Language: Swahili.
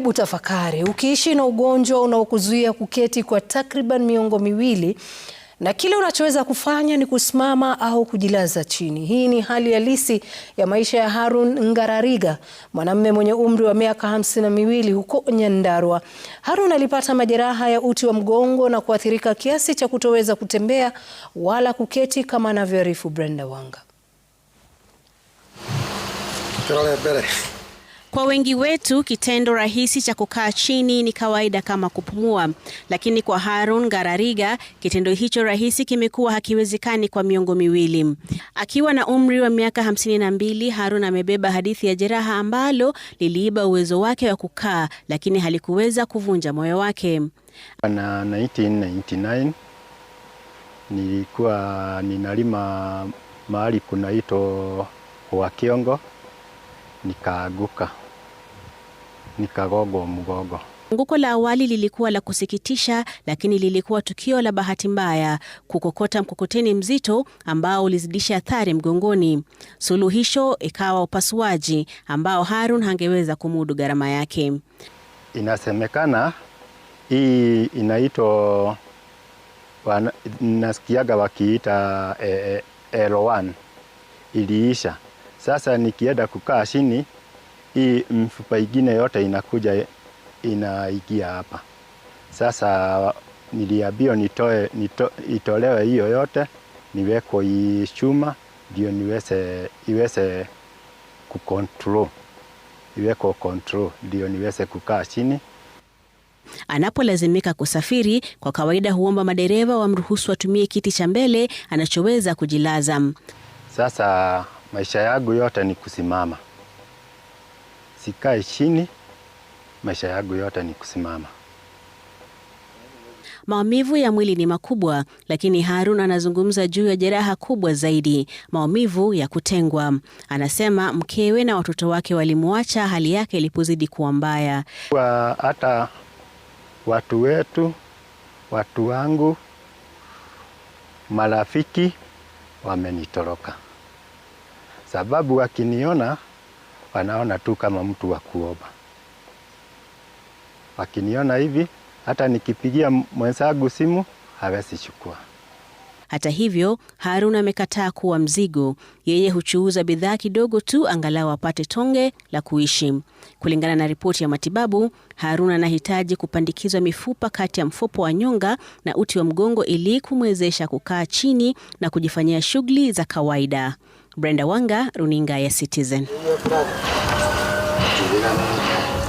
Hebu tafakari, ukiishi na ugonjwa unaokuzuia kuketi kwa takriban miongo miwili na kile unachoweza kufanya ni kusimama au kujilaza chini. Hii ni hali halisi ya maisha ya Harun Ngarariga, mwanamume mwenye umri wa miaka hamsini na miwili huko Nyandarua. Harun alipata majeraha ya uti wa mgongo na kuathirika kiasi cha kutoweza kutembea wala kuketi kama anavyoarifu Brenda Wanga. Kwa wengi wetu kitendo rahisi cha kukaa chini ni kawaida kama kupumua, lakini kwa Harun Garariga kitendo hicho rahisi kimekuwa hakiwezekani kwa miongo miwili. Akiwa na umri wa miaka hamsini na mbili, Harun amebeba hadithi ya jeraha ambalo liliiba uwezo wake wa kukaa, lakini halikuweza kuvunja moyo wake. Na 1999 nilikuwa ninalima mahali kunaitwa Wakiongo, nikaaguka ni Kagogo Mgogo. Nguko la awali lilikuwa la kusikitisha, lakini lilikuwa tukio la bahati mbaya, kukokota mkokoteni mzito ambao ulizidisha athari mgongoni. Suluhisho ikawa upasuaji ambao Harun hangeweza kumudu gharama yake. Inasemekana hii inaitwa, nasikiaga wakiita eh, eh, L1 iliisha. Sasa nikienda kukaa chini hii mfupa ingine yote inakuja inaingia hapa. Sasa niliambiwa nitoe, nito, itolewe hiyo yote niwekwe hii chuma ndio niweze iweze kucontrol iweko control ndio niweze kukaa chini. Anapolazimika kusafiri, kwa kawaida huomba madereva wamruhusu atumie kiti cha mbele anachoweza kujilaza. Sasa maisha yangu yote ni kusimama sikae chini, maisha yangu yote ni kusimama. Maumivu ya mwili ni makubwa, lakini Harun anazungumza juu ya jeraha kubwa zaidi, maumivu ya kutengwa. Anasema mkewe na watoto wake walimwacha hali yake ilipozidi kuwa mbaya. Hata watu wetu, watu wangu, marafiki wamenitoroka, sababu wakiniona wanaona tu kama mtu wa kuomba. Wakiniona hivi, hata nikipigia mwenzangu simu hawezi chukua. Hata hivyo, harun amekataa kuwa mzigo. Yeye huchuuza bidhaa kidogo tu angalau apate tonge la kuishi. Kulingana na ripoti ya matibabu, harun anahitaji kupandikizwa mifupa kati ya mfupa wa nyonga na uti wa mgongo ili kumwezesha kukaa chini na kujifanyia shughuli za kawaida. Brenda Wanga, Runinga ya Citizen. 那，只能。